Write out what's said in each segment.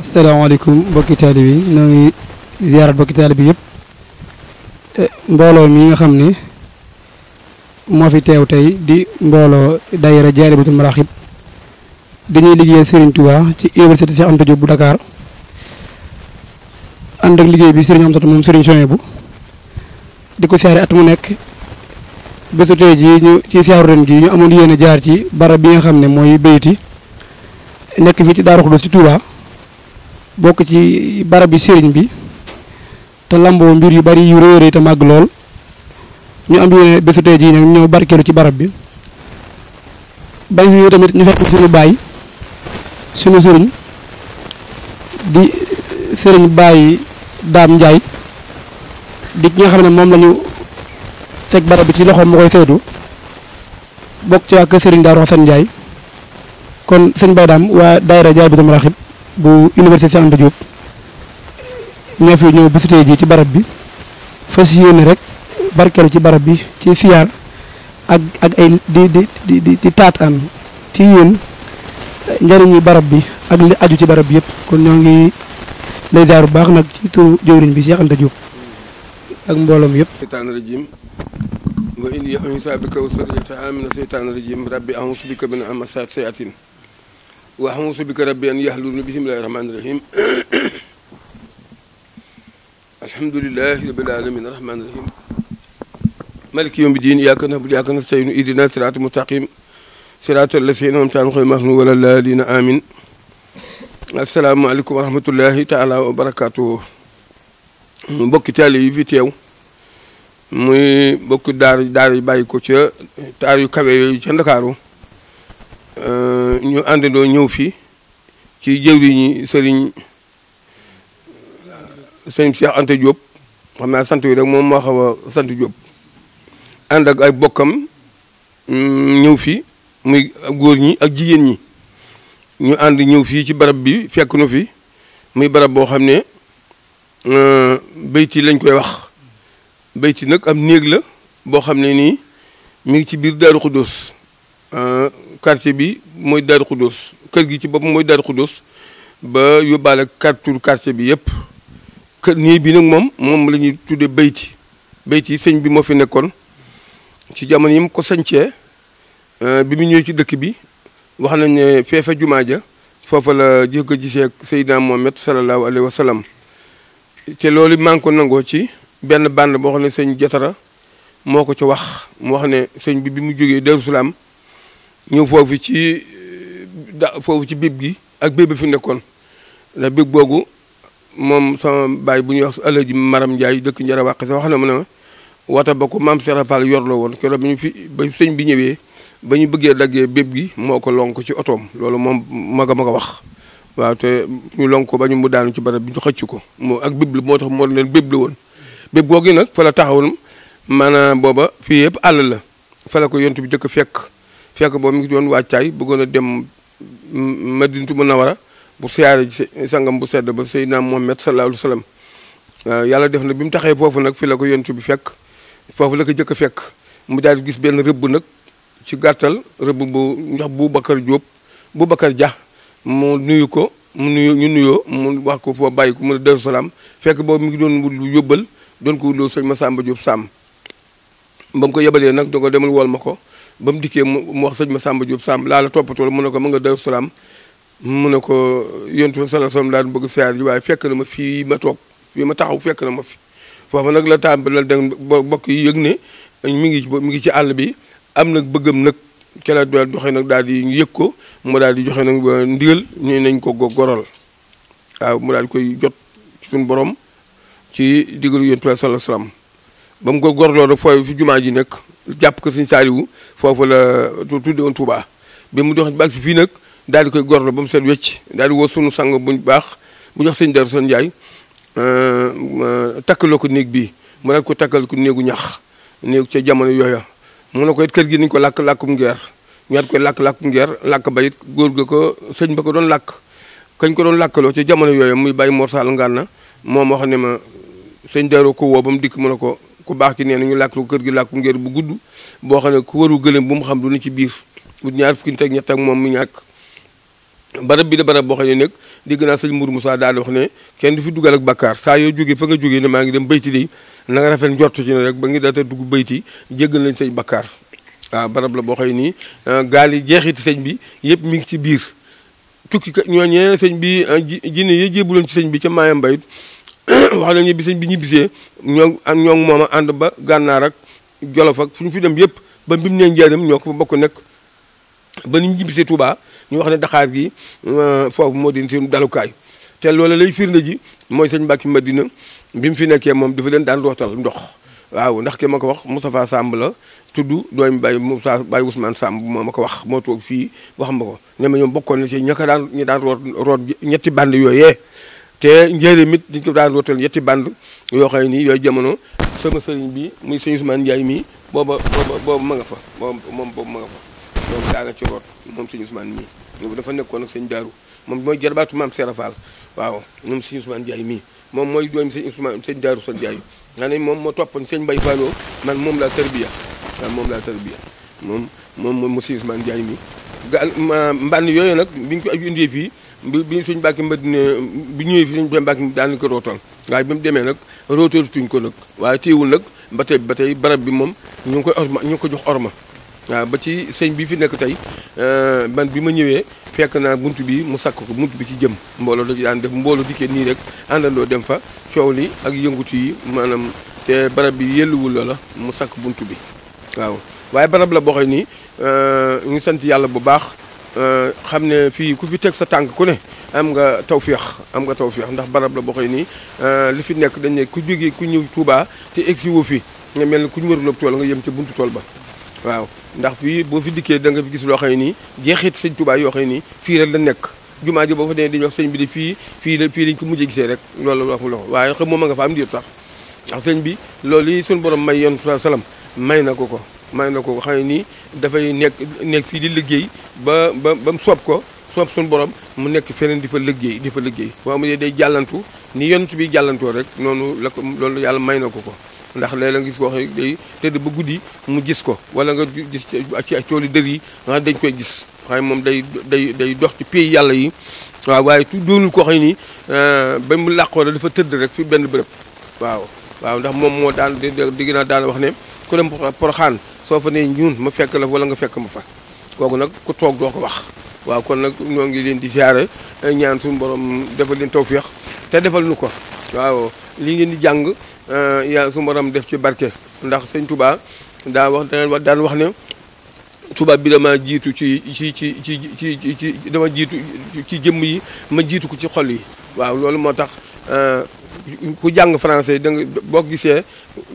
assalamualaikum bokki talibi yi ngi ziarat bokki talibi yi yëpp eh, mbooloo mi nga xamni mo fi tew tay di mbolo daayira Jaalibatul marahib dañuy liggéeyal Serigne Touba ci université Cheikh amadou Diop Dakar ànd ak liggéey bi Serigne Amsatou moom Serigne Souhaibou di ko siyaare at mu nekk bésu tey ñu ci siyaaru ren gii ñu amoon yéen jaar ci barab bi nga xam ne mooy Béyti nekk fii ci Daaru Xudoos ci Touba bokk ci barab bi Serigne bi te lamboo mbir yu bari yu réeré te màgg lool ñu am yéen bésu tey jii nag ñëw barkeelu ci barab bi bañ ñu tamit ñu fekk suñu baay suñu sëriñ di sëriñ baay daam njaay di nga xam ne moom la teg barab bi ci loxoom mu koy seedu bokk ci waa kër Serigne Daro Hassane Ndiaye kon sëñ dam wa waa daayira jaay bitam raxib bu université Cheikh Anta Diop ñoo fi ñëw bisitee ji ci barab bi fas yéene rek barkeelu ci barab bi ci siyaar ak ak ay di di di di di taataan ci yéen njëriñi barab bi ak li aju ci barab bi yëpp kon ñoo ngi. day jaar bu baax nag ci turu jëwriñ bi Cheikh Anta Diop ak mbooloom yëpp seytaan rajim wa in yansa bika wa sariyata amina seytaan rajim rabbi ahusu bika min amasat sayatin wa ahusu bika rabbi an yahluni bismillahi rahmani rahim alhamdulillahi rabbil alamin rahmani rahim maliki yawmi din iyyaka na'budu wa iyyaka nasta'in ihdina siratal mustaqim siratal ladzina an'amta alaihim ghayril maghdubi wala dhalin amin asalaamaaleykum wa rahmatullahi taala wa barakaatu mbokki taali yi fi teew muy mbokki daar daar yi bàyyi ko ca taar yu kawe yooyu ca ndakaaru ñu àndandoo ñëw fi ci jëwriñi sëriñ sëriñ Cheikh Anta Diop xam naa sant wi rek moom moo xaw a sant Diop ànd ak ay bokkam mm, ñëw fi muy góor ñi ak jigéen ñi ñu ànd ñëw fii ci barab bi fekk nu fi muy barab boo xam ne euh, béyti lañ koy wax béyti nag am néeg la boo xam ne nii mu ngi ci biir Daaru Xuddoos euh, quartier bi mooy Daaru Xuddoos kër gi ci bopp mooy Daaru Xuddoos ba yóbbaale kartur quartier bi yëpp kër néeg bi nag moom moom la ñuy tuddee béyti béyti sëñ bi moo fi nekkoon ci jamono yi mu ko sañcee euh, bi mu ñëwee ci dëkk bi wax nañ ne feefa jumaa ja foofu la jëkk a gisee ak Seydina Mohamed sallallahu alayhi wa sallam te loolu maa ngi ko nangoo ci benn bànd boo xam ne sëñ jatara moo ko ci wax mu wax ne sëñ bi bi mu jógee Darou Salaam ñëw foofu ci foofu ci bib gi ak bib bi fi nekkoon ndax bib boogu moom sama baay bu ñuy wax Alaaji Maram Njaay dëkk Njara Wàq sa wax na mu ne wata ba ko maam Serap Fall yorloo woon keroog bi ñu fi ba sëñ bi ñëwee. ba ñu bëggee daggee béb gi moo ko lonk ci otoom loolu moom maga a mag wax waaw te ñu lonk ko ba ñu mu daanu ci barab bi ñu xëcc ko moo ak béb la moo tax moo leen béb la woon béb googu nag fa la taxawoon maanaam booba fii yëpp àll la fa la ko yont bi jëkk fekk fekk boobu mi ngi doon wàccaay bëggoon a dem Madinatu Munawara bu siyaare ji sangam bu sedd ba Seydina Muhammad sallallahu alayhi wa sallam waaw yàlla def na bi mu taxee foofu nag fi la ko yont bi fekk foofu la ko jëkk fekk mu daal di gis benn rëbb nag ci gàttal rëbb bu ndax Boubacar Diop Boubacar Dia mu nuyu ko mu nuyu ñu nuyoo mu wax ko foo bàyyi ko mu ne Darou Salaam fekk boobu mi ngi doon wut lu yóbbal doon ko wutloo ma sàmba Diop Sàmm ba mu ko yebalee nag da ko demal wool ma ko ba mu dikkee mu wax sëñ Massamba Diop Sàmm laa la toppatoo mu ne ko mu nga Darou Salaam mu ne ko yontu sala salam daan bëgg siyaar ji waaye fekk na ma fii ma toog fii ma taxaw fekk na ma fi foofu nag la tàmbalal dégg bokk yi yëg ne mi ngi mi ngi ci àll bi am nag bëggam nag ca la joxe nag daal di yëg ko mu daal di joxe nag ndigal ñu nañ ko goral waaw mu daal di koy jot suñu borom ci digalu yonent bi sallallahu alayhi ba mu ko gorloo nag fooy fi jumaa ji nekk jàpp ko Sëñ Saaliwu foofu la tudde woon Tuubaa bi mu jox ba si nag daal di koy gorloo ba mu seet wecc daal di woo sunu sang bu baax bu jox sëñ Darou Sën Ndiaye euh, takkaloo ko néeg bi mu daal ko takkal ko néegu ñax néegu ca jamono yooya mu ne ko it kër gi niñ ko làkk làkkum ngeer ñu at koy làkk làkkum ngeer làkk ba it góor gi ko sëñ ba ko doon làkk kañ ko doon làkkaloo ci jamono yooyu muy bàyyi Mor Sall Ngana moom wax ne ma sëñ Darou ko woo ba mu dikk mu ne ko ku baax ki nee na ñu làkk ko kër gi làkkum ngeer bu gudd boo xam ne ku waru gëlëm bu mu xam du ni ci biir bu ñaar fukki nit ak ñett ak moom mu ñàkk barab bi da barab boo xam ne nag dégg naa sëñ mburu mu saa daal wax ne kenn du fi dugal ak bakkaar saa yoo jógee fa nga jógee ne maa ngi dem bayti di nanga rafet njort ci ne rek ba ngi daata dugg bayti jéggal nañ say bakkaar waaw barab la boo xam nii euh, gaal yi jeexiti sëñ bi yëpp mi ngi ci biir tukki ñooñee sëñ bi euh, jinne yi jéebuloon ci sëñ bi ca maayam bayit wax nañu bi sëñ bi ñibbisee ñoo am ñoo moom ànd ba gànnaar ak jolof ak fu ñu fi dem yëpp ba bi mu ñoo ko fa bokk nekk ba ñu ñibbisee tubaa ñu wax ne daqaar gi euh, foofu moo din di seen dalukaay te loolu lay firnde ji mooy sëñ Mbàkke Madina bi mu fi nekkee moom di dafa leen daan rootal ndox waaw ndax ke ma ko wax Moustapha Samb la tudd doomi Baye Moussa Baye Ousmane Samb moo ma ko wax moo toog fii wax ma ko ne ma ñoom bokkoon na ña ko daan ñu daan root root ñetti band yooyee te njëriñ mit dañ ko daan rootal ñetti band yoo xam nii yooyu jamono sama sëñ bi muy sëñ Ousmane Ndiaye mii booba booba boobu ma nga fa moom moom boobu fa moom daa nga ci root moom sëñ Ousmane mii ñoom dafa nekkoon ak sëñ Daaru moom mooy jarbaatu maam Serap Fall waaw moom sëñ Ousmane Ndiaye mii moom mooy doomi sëñ Ousmane sëñ Daaru Sall Ndiaye moom moo toppoon sëñ Mbaye Falloo man moom laa tarbiya waaw moom laa tarbiya moom moom moom mu sëñ Ousmane Ndiaye mii ga mbànn yooyu nag bi ñu ko aju indee fii bi bi suñ mbàkki Madina bi ñëwee fii suñ mbàkki daan ko rootoon waaye bi mu demee nag rootootuñ ko nag waaye téewul nag ba tey ba tey barab bi moom ñu ngi koy orma ñu ngi ko jox orma waaw ba ci sëñ bi fi nekk tey ban euh, bi ma ñëwee fekk naa bunt bi mu sakk ko bunt bi ci jëm mbooloo la ci daan mbooloo dikkee nii rek àndandoo dem fa coow li ak yëngutu yi maanaam te barab bi yelluwul la mu sakk bunt bi waaw waaye barab la boo xam ni euh, ñu sant yàlla bu baax euh, xam ne fii ku fi teg sa tànk ku ne am nga taw tawféex am nga taw tawféex ndax barab la boo nii li fi nekk dañ ne ku jógee ku ñëw Touba te egsi wu fi nga mel ni ku ñu wëraloog tool nga yem ci buntu tool ba waaw ndax fii boo fi dikkee da nga fi gis loo xam ne nii jeexit sëñ Touba yoo xam ne nii fii rek la nekk jumaa ji boo fa nee dañuy wax sëñ bi fii fii la fii lañ ko mujjee gisee rek loolu la wax mu loxo waaye xam a nga sax ndax sëñ bi loolu yi suñu borom may yoon salam may na ko ko may na ko ko xam ne nii dafay nekk nekk fii di liggéey ba ba ba soob ko soob suñu borom mu nekk feneen di fa liggéey di fa liggéey waaw mu dee day jàllantu ni yoon su bi jàllantoo rek noonu la ko loolu yàlla may na ko ko ndax léeg-léeg nga gis koo xam ne day tëdd ba guddi mu gis ko wala nga gis ci cooli dër yi nga dañ koy gis waaye moom day day day dox ci pays yàlla yi waaw waaye tu doonul koo xam ni euh, ba mu làqoo la dafa tëdd rek fi benn bërëb waaw waaw ndax moom moo daan digg naa daan wax ne ku dem poroxaan soo fa ne ñun ma fekk la wala nga fekk ma fa kooku nag ku toog doo ko wax waaw kon nag ñoo ngi leen di ziare ñaan suñu borom defal leen tawféex te defal nu ko waaw lii ngeen di jàng eh, yàlla suñu borom def ci barke ndax sëñ Touba daa wax daan wax ne Touba bi dama jiitu ci ci ci ci ci ci dama jiitu ci jëmm yi ma jiitu ko ci xol yi waaw loolu moo tax eh, ku jàng français da boo gisee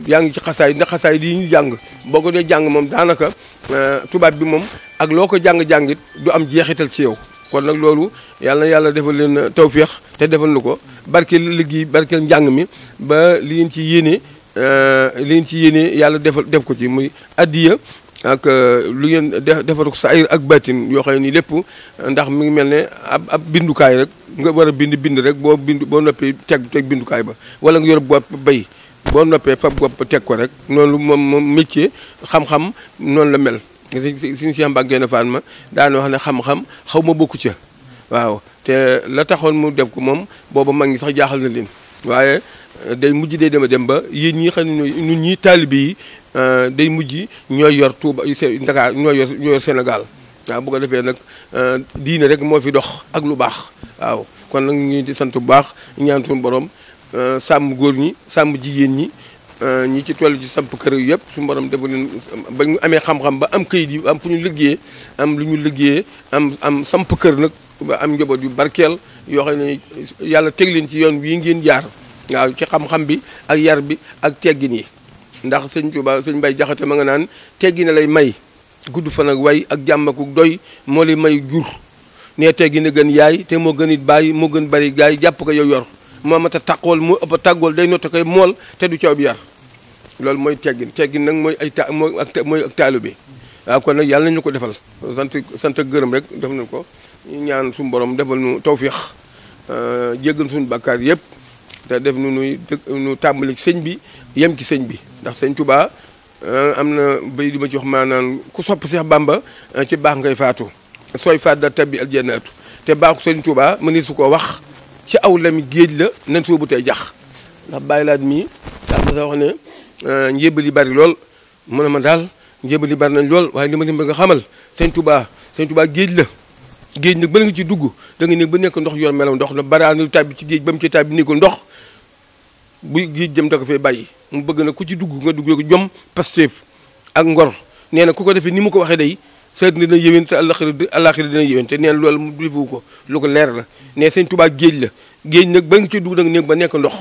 yaa ngi ci xasaay ndax xasaay lii ñu jàng boo ko dee jàng moom daanaka. Euh, tubaab bi moom ak loo ko jàng-jàngit du am jeexital ci yow kon nag loolu yàlla yàlla defal leen tawféex te defal nu ko barkeel liggéey barkeel njàng mi ba li ngeen ci yéene euh, li ngeen ci yéene yàlla defal def ko ci muy addiya ak euh, lu ngeen defar ko sa ay ak baatin yoo xam ne nii lépp ndax mu ngi mel ne ab ab bindukaay rek nga war a bind bind rek boo bind boo noppee teg bindukaay ba wala nga yor bopp bay boo noppee fab gopp teg ko rek noonu moom moom métier xam-xam noonu la mel si si Cheikh Mbacké Gaïndé ma daan wax ne xam-xam xaw ma bokku ca waaw te la taxoon mu def ko moom booba mag ñi sax jaaxal na leen waaye euh, day mujj day dema dem ba yéen ñi xam ne ñun ñii taalibe yi euh, day mujj ñoo yor Touba Ndakaar ñoo yor ñooy yor Sénégal waaw bu ko defee nag euh, diine rek moo fi dox ak lu baax waaw kon nag ñu di sant bu baax ñaan suñu borom Euh, sàmm góor ñi sàmm jigéen ñi euh, ñi ci toll ci samp kër yëpp suñu borom dafa leen ba ñu amee xam-xam ba am këyit yi am fu ñu liggéey am lu ñu liggéeyee am am samp kër nag ba am njaboot yu barkeel yoo xam ne yàlla teg leen ci yoon wii ngeen jaar waaw ci xam-xam bi ak yar bi ak teggin yi ndax sëñ Tuuba sëñ bay Jaxate ma nga naan teggin lay may gudd fan ak way ak jàmm ku doy moo lay may jur nee teggin a gën yaay te moo gën it bàyyi moo gën bari yi jàpp ko yow yor moo mat a tàqool mu ëpp tàggool day notta koy mool te du coow bi yar loolu mooy teggin teggin nag mooy ay ta mooy ak mooy ak taalu bi waaw kon nag yàlla nañu ko defal sant sant gërëm rek def nañ ko ñaan su borom defal nu tawfiix euh, jéggal suñu bàkkaar yëpp te def nu nuy nu tàmbali sëñ bi yem ci sëñ bi ndax sëñ Tuubaa euh, am na bay di ma ci wax maanaam ku sopp Seex Bàmba euh, ci baax ngay faatu sooy faat da tabbi aljannaatu te baaxu sëñ Tuubaa mëni su ko wax ci aw lami géej la nañ soo bu tey jax ndax bàyyi laat mii daa ma sa wax ne euh, njébal yi bari lool mu ne ma daal njébal yi bari nañ lool waaye li ma ba nga xamal sëñ tubaa sëñ tubaa géej la géej nag bala nga ci dugg da nga nekk ba nekk ndox yor melaw ndox na baraanu tàbbi ci géej ba mu ci tàbbi nekkul ndox bu géej jëm da ko fay bàyyi mu bëgg na ku ci dugg nga dugg ko jom Pastef ak ngor nee na ku ko defee ni mu ko waxee day sa dina yëwén sa àllaxira àllaxira dina yëwén te neen loolu mu defu ko lu ko leer la ne sëñ Tuubaa géej la géej nag ba nga ci dugg nag néeg ba nekk ndox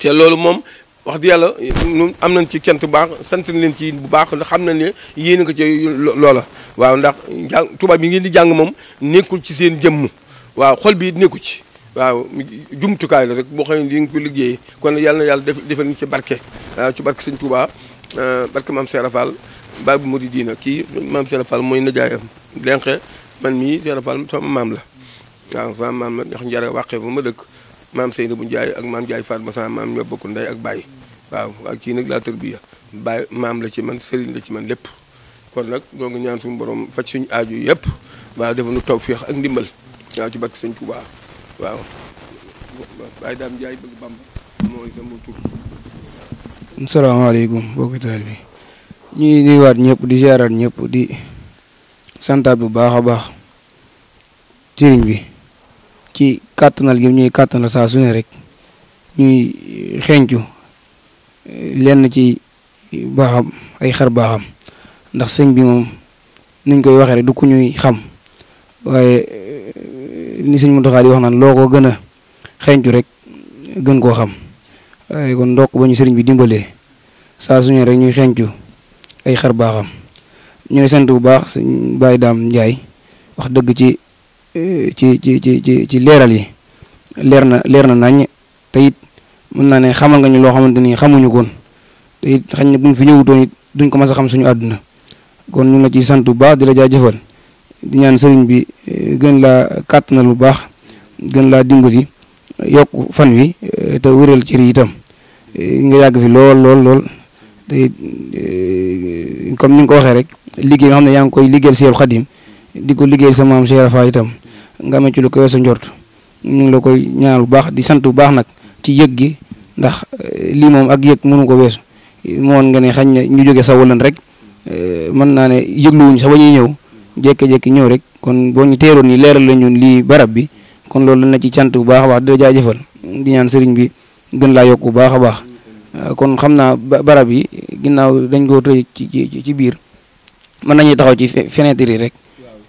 te loolu moom wax di yàlla ñun am nañ ci cant bu baax sant leen ci bu baax ndax xam nañ ne yéen a ko ci loola waaw ndax jàng tubaab yi ngeen di jàng moom nekkul ci seen jëmm waaw xol bi nekku ci waaw jumtukaay la rek boo xam ne li nga ko liggéeyee kon yàlla yàlla def defal ñu ci barke waaw ci barke sëñ Tuubaa euh, barke maam Seera baa di muridiina kii maam Serap Fall mooy nijaayam lenqe man mii Serap Fall sama maam la waaw a maam la ndax njara ma dëkk maam Seyna bu Njaay ak maam Njaay Fatma sama maam ak baay waaw nag laa tërbiya maam la ci man sëriñ la ci man lépp kon nag ñoo ngi ñaan suñu borom faj suñ aaju yëpp waaw dafa nu tawféex ak ndimbal waaw ci barke Sëñ Tuubaa waaw Baay Daam Njaay bëgg Bamba mooy sama tur ñuy nuyuwaat ñëpp di ziaraat ñëpp di santaat bu baax a baax sëriñ bi ci kàttanal gi ñuy kàttanal saa rek ñuy xencu eh, lenn ci baaxam ay xar baaxam ndax sëñ bi moom niñ koy waxee rek du ñuy xam waaye eh, ni sëñ Muntaxa di wax naan loo ko gën a xencu rek gën koo xam waaye kon ndokk ba ñu sëriñ bi dimbalee saa rek ñuy xencu ay xar baaxam ñu ne sant bu baax suñ Baye Dame njaay wax dëgg eh, ci ci ci ci ci leeral yi leer na leer na nañ te it mën naa ne xamal nga ñu loo xamante ni xamuñu koon te it xañ na buñ fi ñëwutoon it duñ ko mas a xam suñu àdduna kon ñu la ciy sant bu baax di la jaajëfal di ñaan sëriñ bi eh, gën laa kàtt na lu baax gën laa dimbali yokk fan wi eh, te wéral ci yi itam nga yàgg fi lool lool lool. Eh, comme ni nga ko waxee rek liggéey nga xam ne yaa ngi koy liggéeyal Seexul Xadim di ko liggéey sa maam Cheikh Rafa itam nga amee ci lu koy sa njort ñu ngi la koy ñaanal bu baax di sant bu baax nag ci yëg gi ndax eh, lii moom ak yëg mënu ko weesu nga ne xañ na ñu jóge sa walan rek eh, mën naa ne yëgluwuñ sa ba ñuy ñëw jékki ñëw rek kon boo ñu teeroon ni leeral la ñun lii barab bi kon loolu la ci cant bu baax a baax di la jaajëfal ñaan sëriñ bi gën laa yokk bu baax a baax Euh, kon xam naa barab yi ginnaaw dañ koo tëj ci biir mën nañuy taxaw ci fenêtre yi rek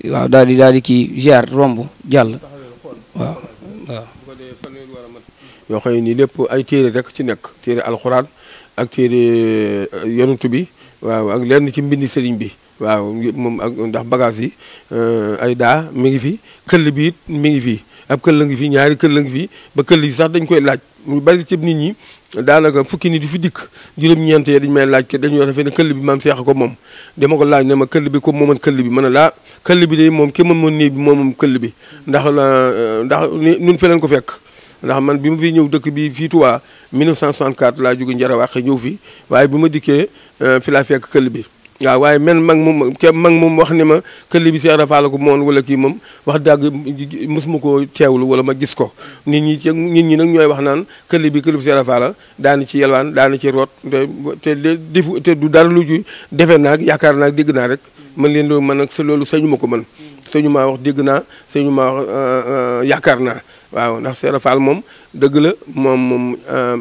waaw daal di daal di kii ziar romb jàll waaw waaw. yoo xam ne nii lépp ay téere rek ci nekk téere alxuraan ak téere euh, yonent bi waaw ak lenn ci mbindi sëriñ bi waaw ndax bagage yi euh, ay daa mi ngi fi këll bi it mi ngi fi ab këll ngi fi ñaari këll ngi fi ba këll yi sax dañ koy laaj mu bari ci nit ñi daanaka fukki nit di fi dikk juróom-ñeent dañ may laaj ke dañu defee ne këll bi maam seex ko moom dama ko laaj ne ma këll bi ko mooman këll bi ma ne laa këll bi de moom ki mën moon nii bi moomam këll bi ndax la eh, ndax nun fi leen ko fekk ndax man bi ma fi ñëw dëkk bi fii Touba 1964 laa jóge Njarawaaxe ñëw fi waaye bi ma dikkee eh, fi laa fekk këll bi waaw waaye men mag moom ke mag moom wax ni ma këlli bi Cheikh Rafaal ko moon walla kii moom wax dàgg mosuma ko teewlu wala ma gis ko nit ñi ci nit ñi nag ñooy wax naan këlli bi këlli bi Cheikh Rafaal daana ci yelwaan daana ci root te te defu te du dara lu ju defe naag yaakaar naag dégg naa rek man leen loolu man ak sa loolu sañu ma ko man sañu maa wax dégg naa sañu ma wax euh, euh, yaakaar naa waaw ndax Seera Fall moom dëgg la moom moom euh,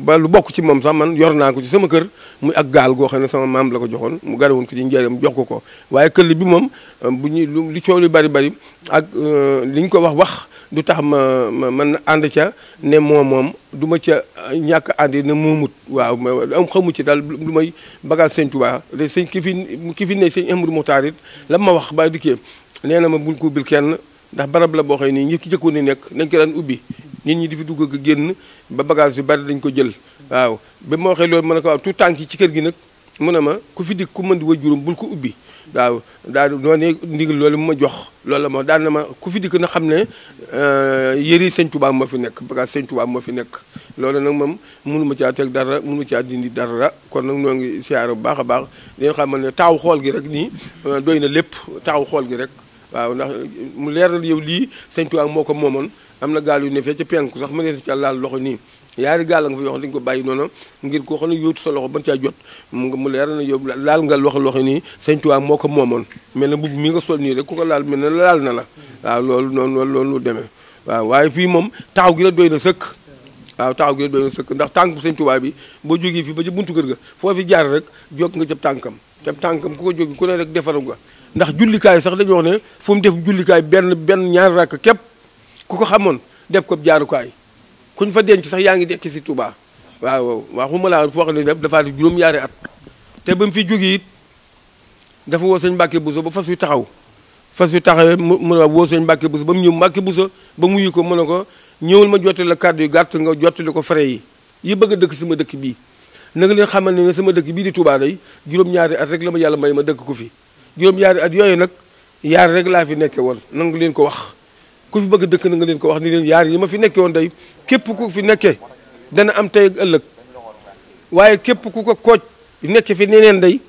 ba lu bokk ci moom sax man yor naa ko ci sama kër muy ak gaal goo xam ne sama maam la ko joxoon mu garawoon ko ci njëriñam jox ko ko waaye këll bi moom euh, bu ñuy li coow li bari bari ak euh, li ñu ko wax wax du tax ma ma man ànd ca ne moo moom du ma ca ñàkk ànd ne moomut waaw am xamu ci daal lu may bagage sëñ Tuubaa de sëñ ki fi ki fi ne sëñ Ahmadou Mokhtar it la ma wax ba dikkee nee na ma bul ko kenn ndax barab la boo xam nii ñi ki jëkkoon ni nekk nañ ko daan ubbi nit ñi di fi dugg ak génn ba bagage yu bari dañ ko jël waaw ba moo waxee loolu ma ne ko waaw tout tànk yi ci kër gi nag mu ne ma ku fi dikk ku mën di way juróom bul ko ubbi waaw daal noonu ndigal loolu mu ma jox loolu la ma daal na ma ku fi dikk na xam ne euh, yëri sëñ Tuubaa moo fi nekk bagage sëñ Tuubaa moo fi nekk loolu nag ma mënu ma caa teg dara mënu ci caa dindi dara kon nag ñoo ngi siyaare bu baax a baax dañu xam ne taaw xool gi rek nii euh, doy na lépp taaw xool gi rek waaw ndax mu leeral yow lii sëñ Tuubaa moo ko moomoon am na gaal yu ne fee ca penku sax mu ne ca laal loxo nii yaari gaal nga fa yoo xam ko bàyyi noonu ngir koo xam ne yóotu sa loxo ban caa jot mu leer na yow laal nga loxo loxo nii sëñ Tuubaa moo ko moomoon mel na mbubb mi nga sol nii rek ku ko laal mel na laal na la waaw loolu noonu loolu demee waaye fii moom taxaw gi la doy na sëkk waaw taxaw gi la sëkk ndax tànk sëñ bi boo jógee fii ba ca buntu kër ga foo fi jaar rek jóg nga ca tànkam ca tànkam ku ko jógee ku ne rek defaru nga ndax jullikaay sax dañu wax ne fu mu def jullikaay benn benn ñaari rakk képp ku ko xamoon def ko jaarukaay kuñ fa denc sax yaa ngi dekk si tubaa waaw waaw xuma laa foo xam ne dafa def juróom at te ba fi jóge it dafa woo sëñ Mbàkke Buso ba fas wi taxaw fas wi taxawee mu mu woo sëñ Mbàkke Buso ba mu ñëw Mbàkke Buso ba mu ko mu ne ko ñëwal ma jottali la kàddu yu gàtt nga jottali ko frais yi dëkk sama dëkk bii na nga leen xamal ne sama dëkk bii di Touba day juróom-ñaari at rek la ma yàlla may ma dëkk ko fi juróom-ñaari at yooyu nag yaar rek laa fi nekke woon nangu leen ko wax ku fi bëgg dëkk na nga leen ko wax ni leen yaar yi ma fi nekke woon day képp ku fi nekke dana am tey ak ëllëg waaye képp ku ko kooj nekke fi neneen day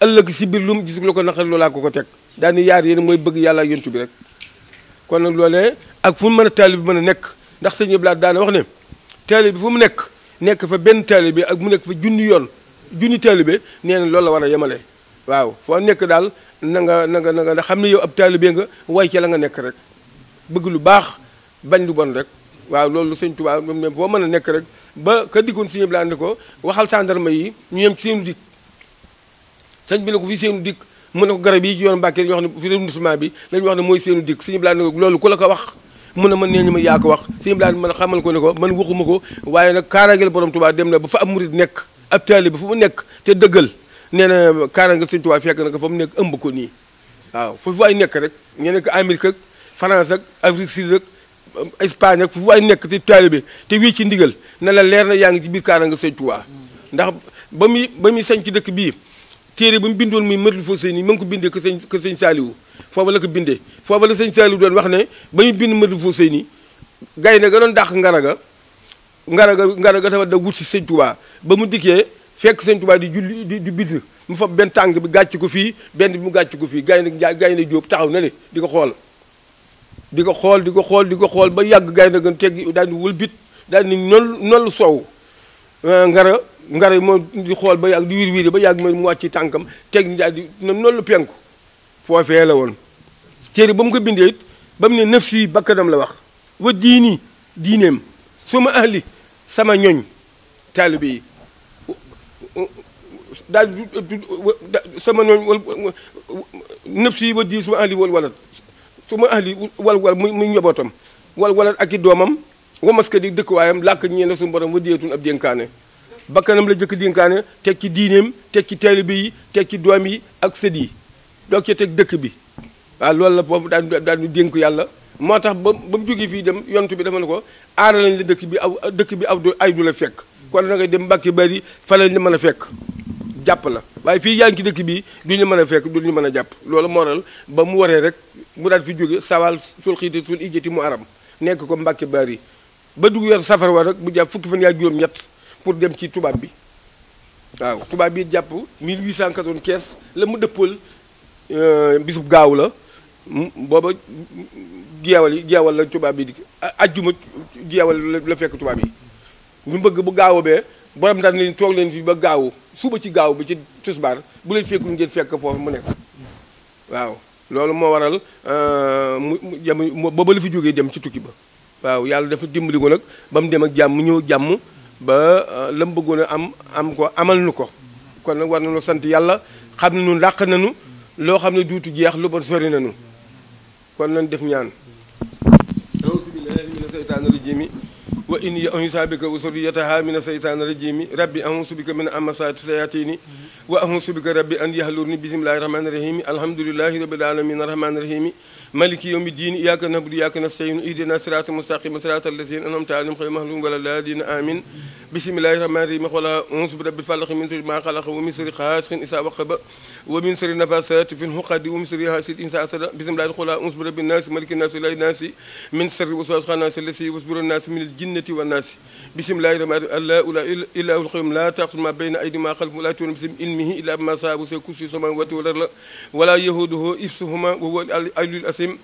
ëllëg si biir lu mu gisul la ko naqari loolaa ko ko teg daani yaar yéen mooy bëgg yàlla ak yontu bi rek kon nag loolee ak fu mu mën a taalib bi mën a nekk ndax sëñ Abdou Lahad daana wax ne taalib bi fu mu nekk nekk fa benn taalib bi ak mu nekk fa junni yoon junni taalib bi nee loolu la war a yemale waaw foo nekk daal nanga nanga na nga na nga xam ne yow ab taalibe nga way ca la nga nekk rek bëgg lu baax bañ lu bon rek waaw loolu sëñ Tuubaa même foo mën a nekk rek ba ka dikkoon suñu bilaa ne ko waxal sàndarma yi ñu yem ci seenu dikk sëñ dikk mu ne ko garab yi bi lañu wax ne mooy seenu dikk suñu bilaa ne ko loolu ku la ko wax mun a mën nee ñu ma yaa ko wax suñu bilaa man xamal ko ne ko man waxuma ko waaye nag kaaraageel borom Tuubaa dem na ba fa ab murid nekk ab bi fu mu nekk te dëggal nee na kaaraange Sëñ Tuubaa fekk na ko fa mu nekk ëmb ko nii waaw foofu waay nekk rek ñu nekk Amérique ak France ak Afrique Sud ak euh, Espagne foofu waay nekk te taalibe te wii ci ndigal na la leer na yaa ngi ci biir kaaraange Sëñ Tuubaa ndax ba muy ba muy sañ ci dëkk bii téere ba mu bindoon muy Matlabul Fawzayni ma ngi ko bindee ko sëñ ko sëñ Saaliwu foofu la ko bindee foofu la sëñ Saaliwu doon wax ne ba muy bind Matlabul nii gaynde ga doon dàq ngara ga ngara ga ngara da wut si Sëñ ba mu dikkee fekk sëñ Tuubaa di julli di di bind mu fa benn tànk bi gàcc ko fii benn bi mu gàcc ko fii gaynde gaynde Jóob taxaw na le di ko xool di ko xool di ko xool di ko xool ba yàgg gaynde gën teggi daal di wëlbit daal di noonu noonu soow euh, ngara ngara moom xool ba yàgg di wiir wiiri ba yàgg moom mu wàcc tànkam teg ni daal di noonu la penku foofee la woon téere ba mu ko bindee it ba mu ne nëf fii bakkanam la wax wa diini diineem suma ahli sama ñoñ taalibe yi daal sama noonu wala nëbs yi wa diis ma ahli wal walad su ma ahli wal wal mu muy njabootam wal walad ak i doomam wa maska di dëkkuwaayam làkk ñeen la suñu borom wa diyatun ab dénkaane la jëkk dénkaane teg ci diineem teg ci taalibe yi teg ci doom yi ak sët yi doog teg dëkk bi waaw loolu la foofu daan daan dénk yàlla moo tax ba ba mu jógee fii dem yont bi dafa ne ko aara lañ la dëkk bi aw dëkk bi aw du ay du la fekk kon na ngay dem mbàkki bari fa lañ la mën a fekk jàpp la waaye fii yaa ngi dëkk bi du ñu mën a fekk du ñu mën a jàpp loolu moral ba mu waree rek mu daal fi jóge sawal sul xiiti sul ti mu aram nekk ko mbàkke baar yi ba dugg yor safar wa rek bu jàpp fukki fan yaa juróom-ñett pour dem ci tubaab bi waaw tubaab bi jàpp 1895 la mu dëppal euh, bisub gaaw la booba jeewal yi jeewal la tubaab bi di ajjuma jeewal la fekk tubaab yi ñu bëgg bu gaaw bee borom daan leen toog leen fi ba gaaw suba ci gaaw bi ci tusbaar bu leen fekkul ngeen fekk foofu mu nekk waaw loolu moo waral euh, mu jam booba la dem ci tukki ba waaw yàlla dafa dimbali ko nag ba mu dem ak jàmm ñëw jàmm ba euh, la mu bëggoon am am ko amal nu ko kon nag war na nañoo sant yàlla xam ne nu làq nañu loo xam ne duutu jeex lu bon sori nañu kon nañ def ñaan auzu billaahi وإن يأنس بك وذريتها من سيطان الرجيم ربي أنس بك من أمسات سياتيني وأنس بك ربي أن يهلرني بسم الله الرحمن الرحيم الحمد لله رب العالمين الرحمن الرحيم ملك يوم الدين إياك نعبد وإياك نستعين اهدنا الصراط المستقيم صراط الذين أنعمت عليهم غير المغضوب ولا الضالين آمين بسم الله الرحمن الرحيم قل أنس برب الفلق من سر ما خلق ومن سر خاسق إذا وقب ومن سر النفاثات في العقد ومن سر حاسد إذا أسد بسم الله قل أنس برب الناس ملك الناس إله الناس من سر وسواس الناس الذي يوسوس الناس من الجنة والناس بسم الله الرحمن الرحيم لا إله إلا هو القيوم لا تأخذ ما بين أيدي ما خلف ولا تؤمن بسم علمه إلا ما صاب وسيكسر السماوات ولا يهوده إفسهما وهو العلي الأسيم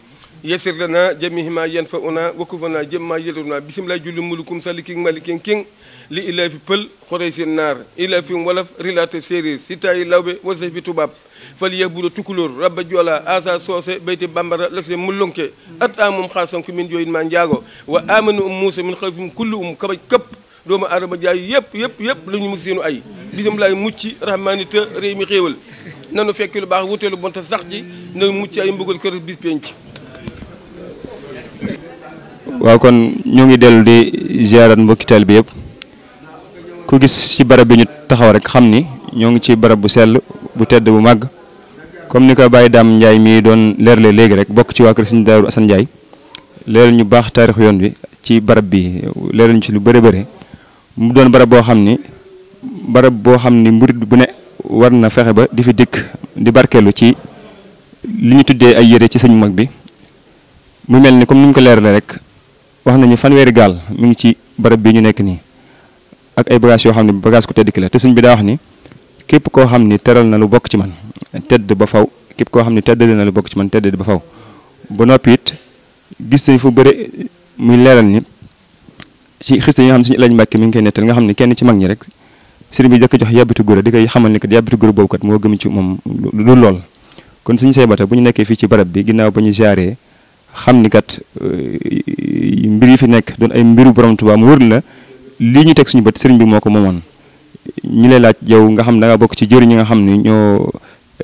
يسر لنا جميع ما ينفعنا وكفنا جمع يضرنا بسم الله جل ملكم سالكين ملك كين لإلا في بل خريس النار إلا في ولف رلات سيري ستاي لوبي في تباب فليبولو تكلور رب جولا آسا سوسي بيت بامبرا لسي ملونك أتامم خاصم كمين جوين من جاغو وآمن أم موسى من خوفهم كلهم كبج كب doomu aadama jaay yëpp يب yëpp lu ñu mus seenu ay bisam laay mucc rahmaani te réew mi xéewal nanu fekk lu baax wuteelu bonta sax ji nanu mucc waaw kon ñoo ngi dellu di ziarat mbokki taalibe bi yëpp ku gis ci barab bi ñu taxaw rek xam ni ñoo ngi ci barab bu sell bu tedd bu màgg comme ni ko bàyyi daam njaay mii doon leerle léegi rek bokk ci waa kër Sëriñ Daaru Assane Ndiaye leeral ñu baax taarixu yoon bi ci barab bi leeral ñu ci lu bëre bëre mu doon barab boo xam ni barab boo xam ni mburit bu ne war na fexe ba di fi dikk di barkeelu ci li ñu tuddee ay yére ci suñu mag bi mu mel ni comme ni ko leerle rek wax nañu fanweeri gaal mu ngi ci barab bi ñu nekk nii ak ay bagages yoo xam ne bagage ku tedd ki la te suñ bi daa wax ni képp koo xam ni teral na lu bokk ci man tedd ba faw képp koo xam ni teddali na lu bokk ci man tedd ba faw ba noppi it gis nañ fu bëre muy leeral ni ci xiste yi xam ne suñu laaj mbàkk mi ngi koy nettal nga xam ne kenn ci mag ñi rek sëriñ bi jëkk jox yàbbitu gura di xamal ni kat yàbbitu gura boobu kat moo gëm ci moom lu lool kon suñu saybata bu ñu nekkee fii ci barab bi ginnaaw ba ñu jaaree xam ni kat eh, mbir yi fi nek doon ay mbiru borom tuba mu wër la li ñu tek suñu bët sëriñ bi moko ko moomoon ñu lay laaj yow nga xam da nga bok ci jëri ñi nga xam ni ñoo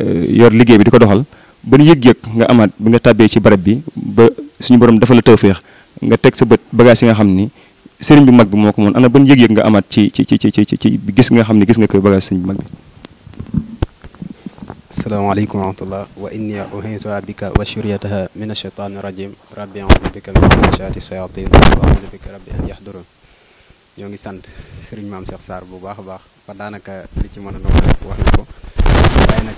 eh, yor liggéey bi diko doxal doxal ñu yëg-yëg nga amaat bi nga tàbbee ci barab bi ba suñu borom dafa la tawfiix nga tek sa bët bagage yi nga xam ni sëriñ bi mag bi moko ko moon ana ban yëg-yëg nga amaat ci ci ci ci ci gis nga xam ni gis nga koy bagage sëriñ bi mag bi السلام عليكم ورحمة الله وإني أهيت بك وشريتها من الشيطان الرجيم ربي أعوذ بك من شر الشياطين وأعوذ بك ربي أن يحضرون يوم سانت سرين مام شيخ سار بو باخ باخ با دانكا لي تي مونا نوخ واخ نكو واي نك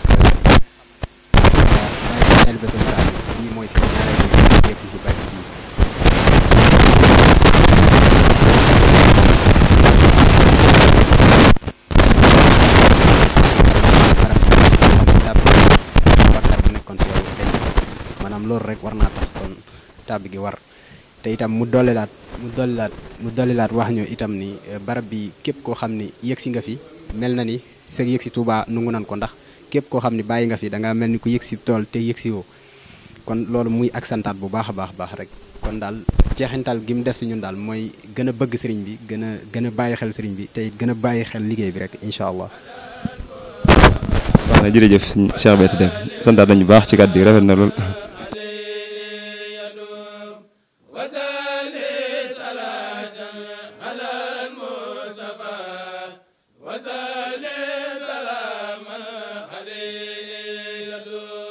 البتو تاع لي موي سي ديك جي باك manam lor rek warna tax kon tàbbi gi war te itam mu dolelat mu dolelat mu dolelat wax ñu itam ni eh, barab bi kep ko xamni ni nga fi mel ni sa yeksi Touba nungu nan ko ndax kep ko xamni ni nga fi da nga mel ku yeksi tol te yeksi wo kon lolu muy ak bu baax baax rek kon dal jeexental gi mu def ci ñun dal moy gëna bëgg sëriñ bi gëna gëna gën xel sëriñ bi te it gën a xel liggéey bi rek jërëjëf Cheikh nañu baax ci rafet na lool.